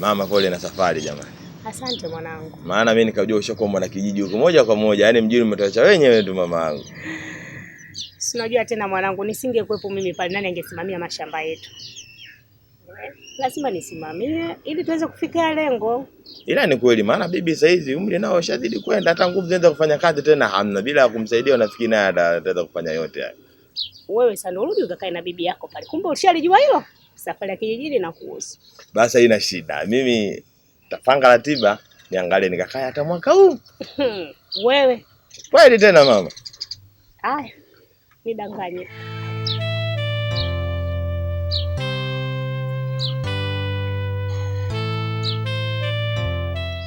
Mama, pole na safari jamani. Asante mwanangu. Maana mimi nikajua ushakuwa mwana kijiji huko moja kwa moja, yaani mjini umetuacha wenyewe tu yangu. Si unajua tena mwanangu, nisingekuwepo mimi pale, nani angesimamia mashamba yetu? Lazima nisimamie ili tuweze kufikia lengo. Ila ni kweli, maana bibi sasa hizi umri nao ushazidi kwenda, hata nguvu zianza kufanya kazi tena hamna, bila kumsaidia nafikiri naye ataweza kufanya yote Wewe sasa urudi ukakae na bibi yako pale, kumbe ushalijua hilo safari ya kijijini na kuhusu. Basi haina shida, mimi tapanga ratiba niangalie nikakaa hata mwaka huu. Wewe kweli tena mama? Aya, nidanganye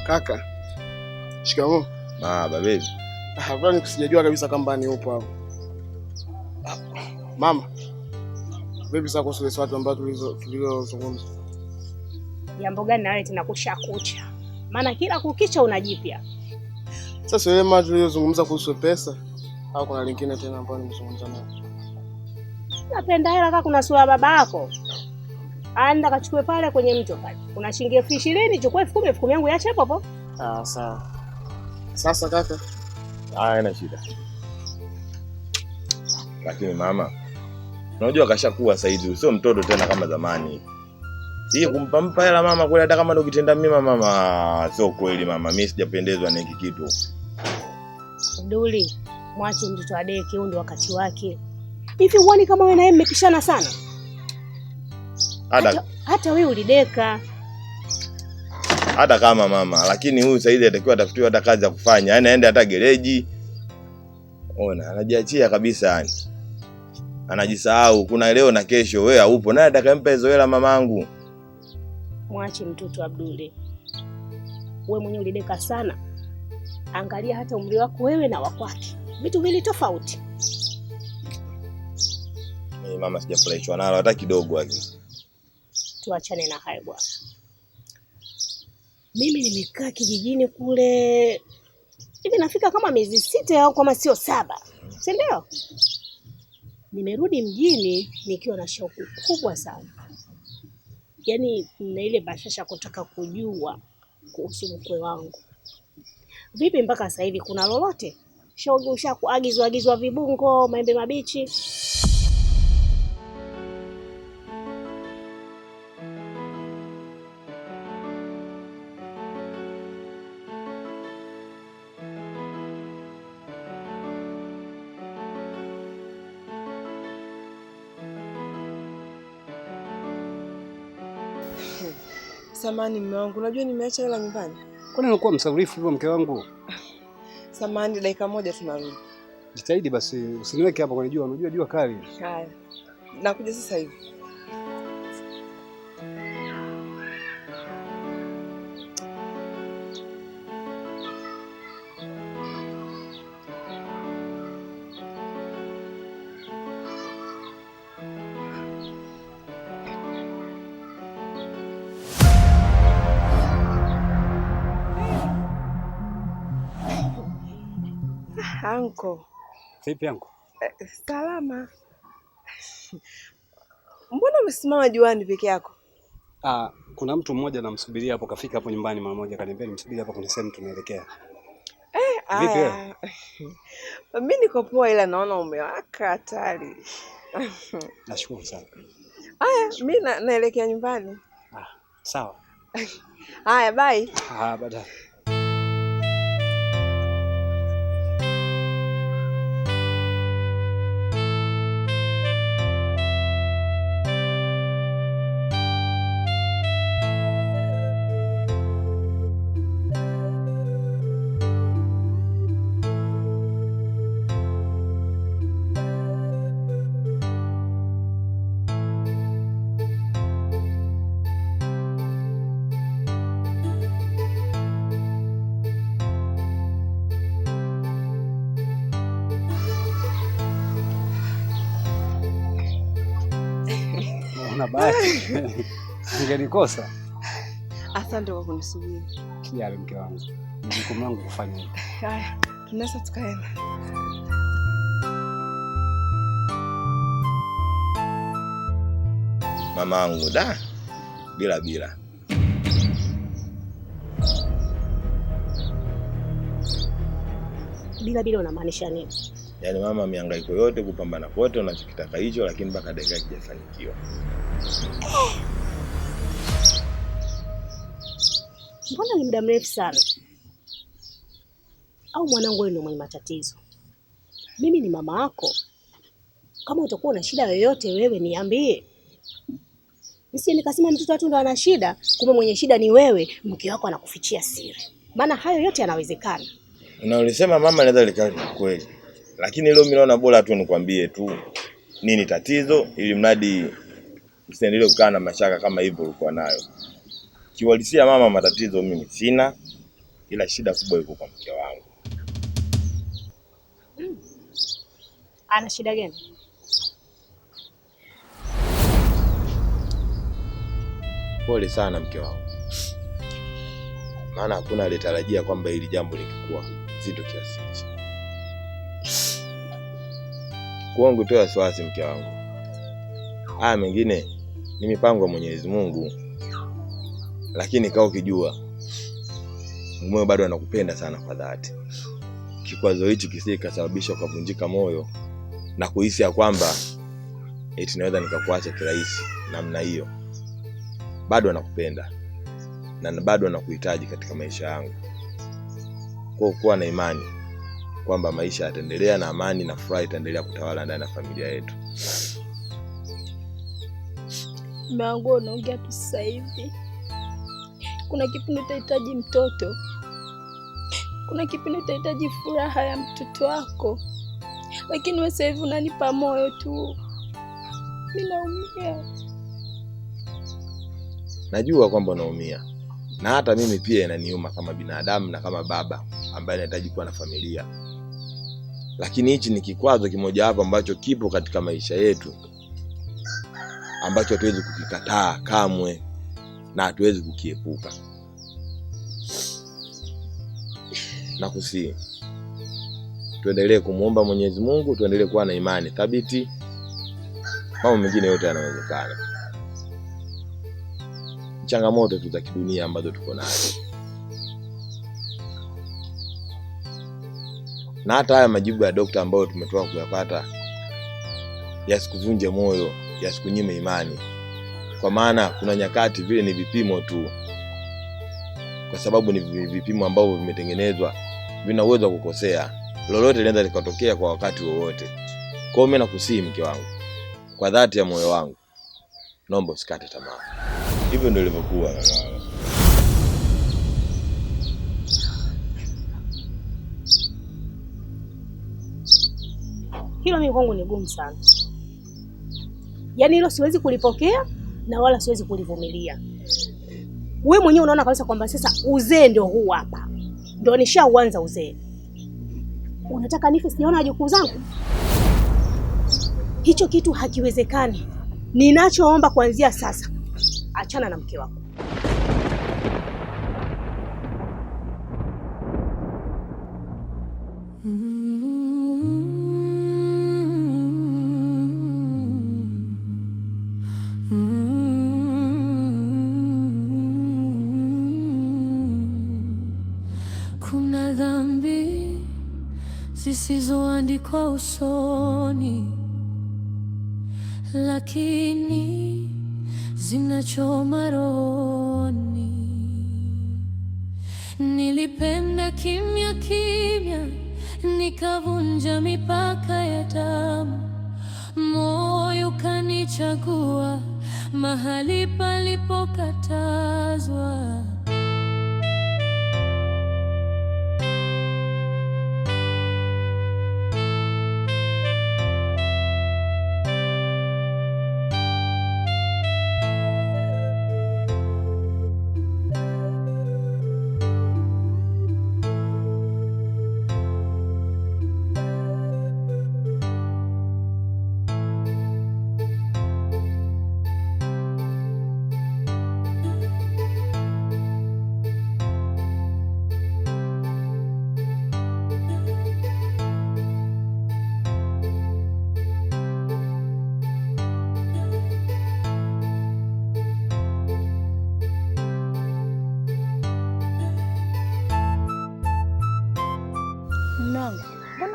kaka. Shikamoo baba. Bebi, ah, hakuna nikusijajua kabisa kwamba ni upo hapo ah, mama vipi sasa kuhusu swali ambalo tulilozungumza? Jambo gani nale tena kusha kucha? Maana kila kukicha unajipya. Sasa wewe mama, tulizozungumza kuhusu pesa au kuna lingine tena ambalo nimezungumza nalo? Napenda hela kaka, kuna sura baba yako. Anda kachukue pale kwenye mto pale. Kuna shilingi elfu ishirini, chukua elfu kumi, elfu kumi yangu iache hapo hapo. Ah, sawa. Sasa kaka. Ah, ina shida. Lakini mama Unajua kashakuwa sasa hivi, sio mtoto tena kama zamani. Hii kumpa mpa hela mama kweli, hata kama ndo kitenda mima mama, sio kweli mama, mimi sijapendezwa na hiki kitu. Abduli, mwache mtoto adeke, huo ndio wakati wake. Hivi huoni kama wewe na yeye mmepishana sana? Hata, hata, hata wewe ulideka hata kama mama, lakini huyu sasa hivi atakiwa atafutiwa hata kazi ya kufanya, yaani aende hata gereji. Ona, anajiachia kabisa yani anajisahau, kuna leo na kesho. Wewe haupo, naye atakampa hizo hela mamangu? Mwache mtoto Abdule, wewe mwenyewe ulideka sana. Angalia hata umri wako wewe na wakwake, vitu vili tofauti. Hey, mama, sijafurahishwa nalo hata kidogo. Aki, tuachane na hayo bwana. Mimi nimekaa kijijini kule hivi, nafika kama miezi sita au kama sio saba, si ndio? Nimerudi mjini nikiwa na shauku kubwa sana, yaani na ile bashasha kutaka kujua kuhusu mkwe wangu. Vipi mpaka sasa hivi, kuna lolote shauku? Ushakuagizwa agizwa vibungo, maembe mabichi? Samani mume wangu, unajua nimeacha hela nyumbani. Kwani unakuwa msaurifu hivyo mke wangu? Samani, dakika moja tunarudi. Jitahidi basi usiniweke hapa kwa jua, unajua jua kali. Haya. Nakuja sasa hivi. Anko. Vipi anko? Eh, salama. Mbona umesimama juani peke yako? Ah, kuna mtu mmoja namsubiria hapo, kafika hapo nyumbani mara moja, kaniambia nimsubiria hapa, kuna sehemu tunaelekea. Eh, aya. Mimi niko poa, ila naona umewaka hatari. Nashukuru sana. Aya, mimi na, naelekea nyumbani. Ah, sawa. Aya, bye. Ah, baadaye. una bahati ungenikosa. Asante kwa kunisubiri. Kijali, mke wangu, jukumu langu kufanya hivyo. Haya, tunaweza tukaenda. Mamangu da bila bila bila bila, unamaanisha nini? Yaani mama mihangaiko yote kupambana kwote unachokitaka hicho, lakini mpaka dakika kijafanikiwa. Mbona ni muda mrefu sana? Au mwanangu wewe ndio mwenye matatizo? Mimi ni mama yako. Kama utakuwa na shida yoyote, wewe niambie, nisije nikasema mtoto wetu ndo ana shida, kumbe mwenye shida ni wewe. Mke wako anakufichia siri, maana hayo yote yanawezekana. Na ulisema mama, naweza likaa kweli lakini leo mimi naona bora tu nikwambie tu nini tatizo, ili mradi usiendelee kukaa na mashaka kama hivyo ulikuwa nayo. Kiwalisia mama, matatizo mimi sina, ila shida kubwa iko kwa mke wangu. Hmm. Ana shida gani? Pole sana mke wangu, maana hakuna aliyetarajia kwamba hili jambo lingekuwa zito kiasi hicho kwangu toa wasiwasi, mke wangu. Haya mengine ni mipango ya Mwenyezi Mungu, lakini kaa ukijua mume bado anakupenda sana kwa dhati. Kikwazo hichi kisije kasababisha ukavunjika moyo na kuhisi ya kwamba eti naweza nikakuacha kirahisi namna hiyo. Bado anakupenda na bado anakuhitaji katika maisha yangu, kwa kuwa na imani kwamba maisha yataendelea na amani na furaha itaendelea kutawala ndani ya familia yetu. Mume wangu, unaongea tu sasa hivi. Kuna kipindi utahitaji mtoto, kuna kipindi utahitaji furaha ya mtoto wako, lakini wewe sasa hivi unanipa moyo tu. Mimi naumia, najua kwamba unaumia na hata mimi pia inaniuma kama binadamu na kama baba ambaye anahitaji kuwa na familia. Lakini hichi ni kikwazo kimojawapo ambacho kipo katika maisha yetu ambacho hatuwezi kukikataa kamwe na hatuwezi kukiepuka. kusi tuendelee kumwomba Mwenyezi Mungu, tuendelee kuwa na imani thabiti. Mambo mengine yote yanawezekana. Changamoto tu za kidunia ambazo tuko nazo na hata haya majibu ya dokta ambayo tumetoka kuyapata yasikuvunje moyo, yasikunyime imani, kwa maana kuna nyakati vile ni vipimo tu, kwa sababu ni vipimo ambavyo vimetengenezwa, vina uwezo wa kukosea. Lolote linaweza likatokea kwa wakati wowote. Kwa hiyo mimi nakusihi mke wangu, kwa dhati ya moyo wangu, naomba usikate tamaa. Hivyo ndio ilivyokuwa. Hilo mimi kwangu ni gumu sana, yaani hilo siwezi kulipokea na wala siwezi kulivumilia. We mwenyewe unaona kabisa kwamba sasa uzee ndio huu hapa, ndio nishauanza uzee. Unataka nife sijaona wajukuu zangu? Hicho kitu hakiwezekani. Ninachoomba kuanzia sasa, achana na mke wako. zisizoandikwa usoni, lakini zinachoma rohoni. Nilipenda kimya kimya, nikavunja mipaka ya damu, moyo kanichagua mahali palipokatazwa.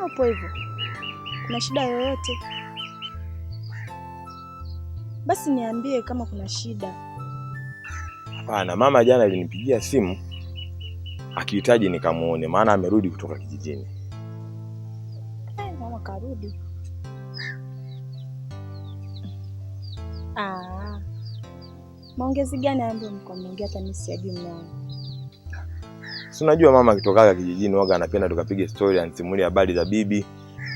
mbona upo hivyo? Kuna shida yoyote? Basi niambie kama kuna shida. Hapana, mama jana alinipigia simu akihitaji nikamuone, maana amerudi kutoka kijijini. Eh, mama karudi. Ah, maongezi gani ambayo mko mnaongea? Hata mimi sijui mnaona Si unajua mama akitokaga kijijini waga anapenda tukapige story, anisimulie habari za bibi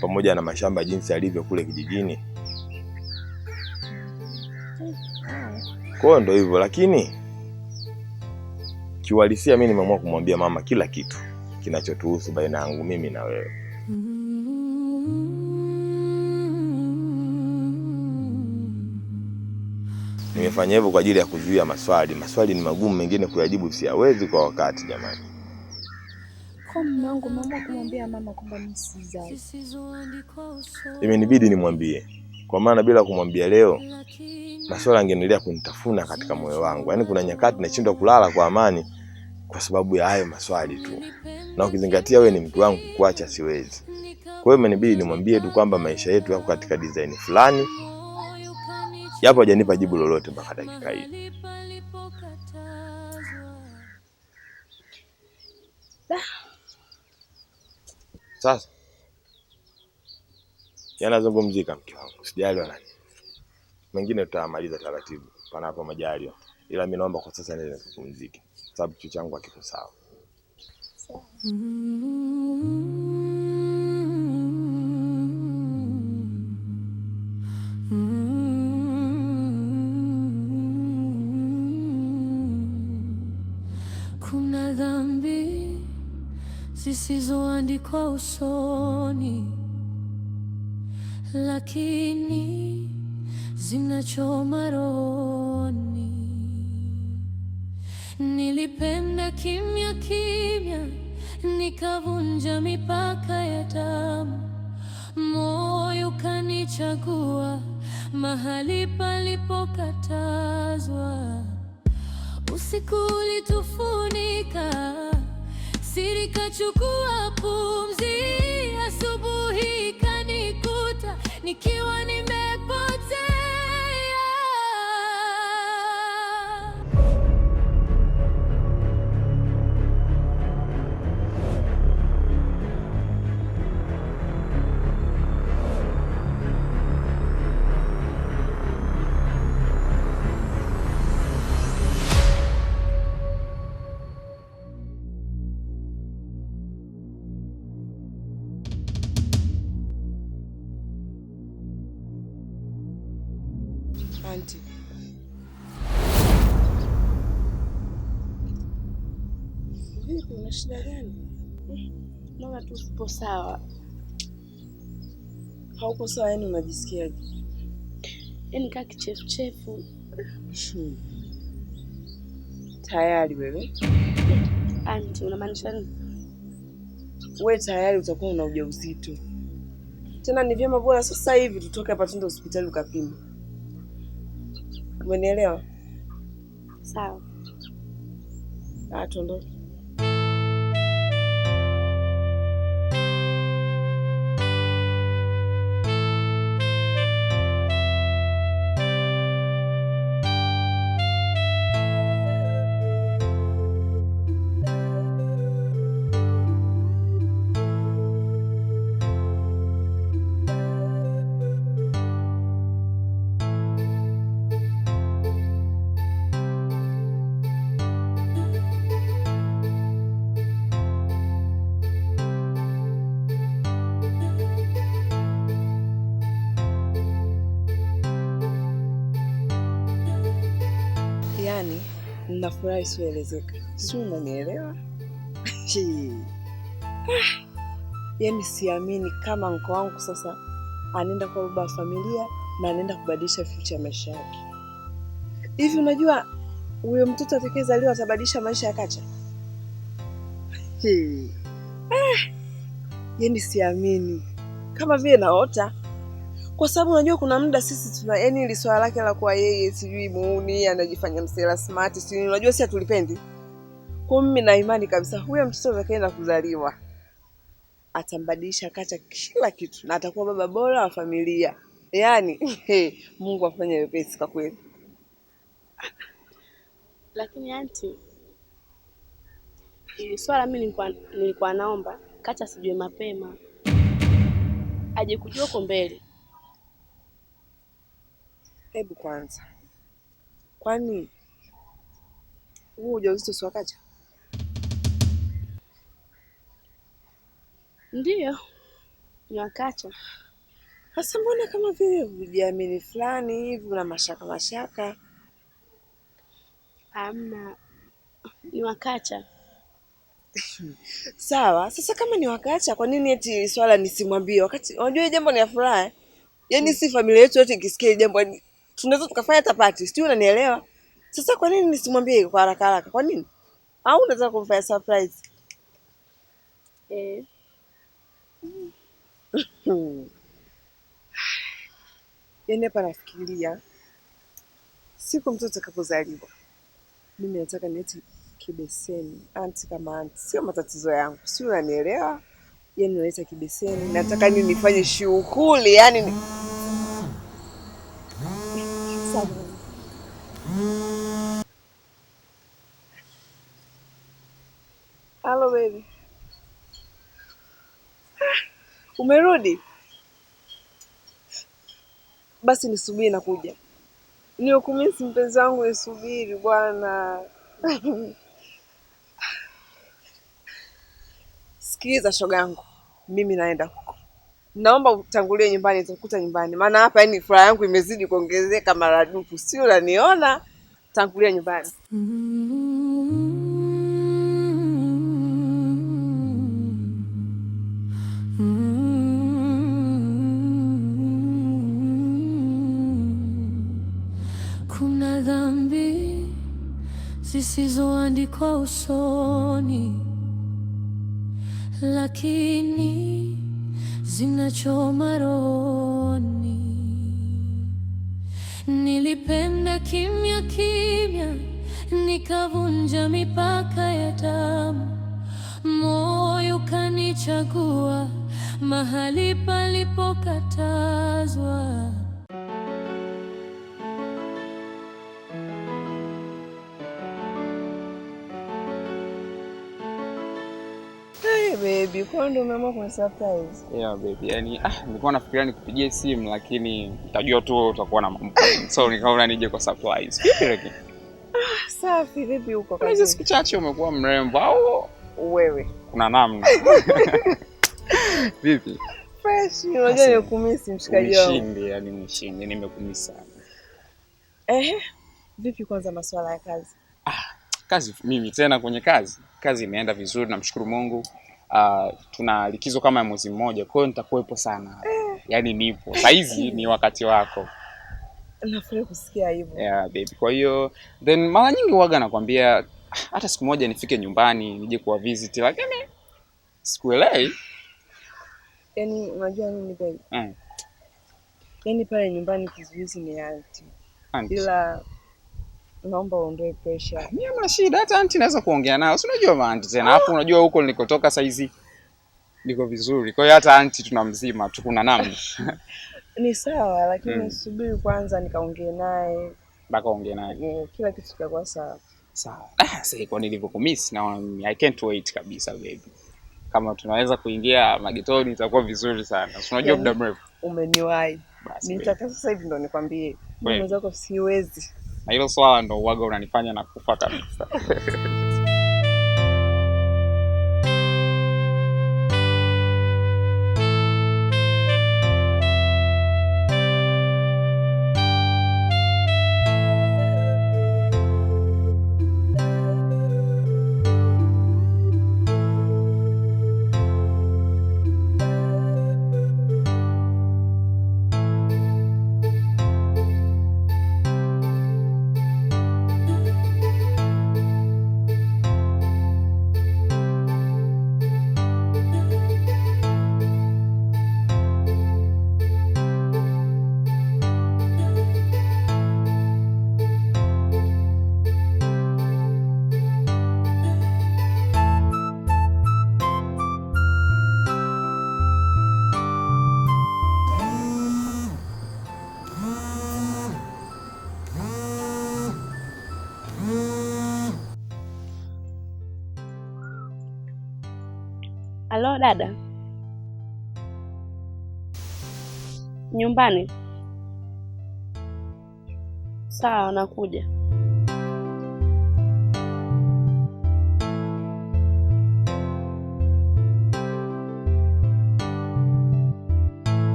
pamoja na mashamba jinsi alivyo kule kijijini. Kwa ndo hivyo, lakini kiuhalisia mimi nimeamua kumwambia mama kila kitu kinachotuhusu baina yangu mimi na wewe. Nimefanya hivyo kwa ajili ya kuzuia maswali. Maswali ni magumu, mengine kuyajibu siyawezi kwa wakati, jamani. Kwa mama kumwambia mama kwamba mimi sizai. Imenibidi nimwambie. Kwa maana bila kumwambia leo Maswala angeendelea kunitafuna katika moyo wangu. Yaani kuna nyakati nashindwa kulala kwa amani kwa sababu ya hayo maswali tu. Na ukizingatia wewe ni mtu wangu, kuacha siwezi. Kwa hiyo imenibidi nimwambie tu kwamba maisha yetu yako katika design fulani. Yapo hajanipa jibu lolote mpaka dakika hii. Ah. Sasa yanazungumzika mke wangu, sijali wala nini, mengine tutamaliza taratibu, panapo majaliwa, ila mimi naomba kwa sasa niende nipumzike, sababu kichwa changu hakiko sawa. Kuna dhambi zisizoandikwa usoni, lakini zinachoma rohoni. Nilipenda kimya kimya, nikavunja mipaka ya damu, moyo kanichagua mahali palipokatazwa. Usiku ulitufunika siri kachukua pumzi, asubuhi kanikuta nikiwa nime shida gani? Naona hmm, tu upo sawa. Hauko sawa yani, unajisikiaje? Yaani kaa kichefuchefu hmm. tayari. Wewe anti, unamaanisha nini? We tayari utakuwa una ujauzito tena, ni vyema bora sasa hivi tutoke hapa, tuende hospitali ukapima. Umenielewa? Sawa, ah, tuondoke. furaha isiyoelezeka, si unanielewa? yani siamini kama mko wangu sasa anaenda kuwa baba wa familia na anaenda kubadilisha future ya maisha yake. Hivi unajua huyo mtoto atakayezaliwa atabadilisha maisha ya Kacha? Ah. yani siamini kama vile naota kwa sababu unajua kuna muda sisi tuna yani ile swala lake la kwa yeye sijui muuni anajifanya msela smart, sijui unajua sisi hatulipendi. Kwa mimi na imani kabisa huyo mtoto atakayeenda kuzaliwa atambadilisha kata kila kitu na atakuwa baba bora wa familia. Yaani hey, eh, Mungu afanye wepesi kwa kweli. Lakini anti, ili swala mimi nilikuwa nilikuwa naomba kata sijue mapema aje kujua huko mbele Hebu kwanza, kwani huu ujauzito si wakacha? Ndiyo, ni wakacha. Sasa mbona kama vile hujiamini fulani hivi, una mashaka mashaka? ama ni wakacha. Sawa. Sasa kama ni wakacha, kwa nini eti swala nisimwambie? Wakati unajua jambo ni ya furaha, eh? yaani si familia yetu yote ikisikia jambo, yaani tunaweza tukafanya hata party, sijui unanielewa. Sasa kwa nini nisimwambie kwa haraka haraka? Kwa nini? Au unaweza kumfanya surprise eh? Yaani hapa nafikiria siku mtoto atakapozaliwa, mimi nataka niete kibeseni anti kama anti, sio matatizo yangu, sio unanielewa? Yaani naleta kibeseni, nataka nini nifanye shughuli yani sabuni. baby. Umerudi? Basi nisubiri nakuja. Ni ukumisi mpenzi wangu, nisubiri bwana. Sikiliza yangu. mimi naenda huko naomba utangulie nyumbani, nitakukuta nyumbani, maana hapa yani furaha yangu imezidi kuongezeka maradufu, sio unaniona? Tangulia nyumbani. Kuna dhambi zisizoandikwa usoni, lakini zinachoma rohoni. Nilipenda kimya kimya, nikavunja mipaka ya damu, moyo kanichagua mahali palipokatazwa. baby, kwa hiyo ndio umeamua kuni surprise? Yeah baby, yani ah, nilikuwa nafikiria nikupigie simu lakini nitajua tu utakuwa na mambo, so nikaona nije kwa surprise. Vipi? Ah, safi. Vipi uko kwa Hizo siku chache umekuwa mrembo au wewe kuna namna? Vipi? Fresh. Unajua nimekumisi mshikaji wangu. Nishinde, yani nishinde, nimekumisi sana. Eh, vipi kwanza masuala ya kazi? Ah, kazi mimi tena kwenye kazi. Kazi imeenda vizuri, namshukuru Mungu uh, tuna likizo kama ya mwezi mmoja, kwa hiyo nitakuwepo sana, eh. Yani nipo saizi, ni wakati wako. Nafurahi kusikia hivyo. Yeah, baby. Kwa hiyo then mara nyingi huwaga nakwambia hata siku moja nifike nyumbani nije kuwa visit, lakini sikuelewi. Yani unajua nini baby? Mm. Yani pale nyumbani kizuizi ni ila naomba uondoe pressure. Ah, mimi ama shida hata anti naweza kuongea nao. Si unajua maanti tena. Alafu ah. unajua huko nilikotoka saizi niko vizuri. Kwa hiyo hata anti tuna mzima tu kuna namna. Ni sawa lakini mm. subiri kwanza nikaongee naye. Baka ongee naye. Eh, kila kitu kitakuwa sawa. Sawa. Ah, sasa kwa nilivyokumiss na I can't wait kabisa baby. Kama tunaweza kuingia magetoni itakuwa vizuri sana. Si unajua eh, muda mrefu. Umeniwahi. Nitaka sasa hivi ndo nikwambie. Mwenzako siwezi na hilo swala ndo uwaga unanifanya na kufa kabisa dada, nyumbani? Sawa, nakuja.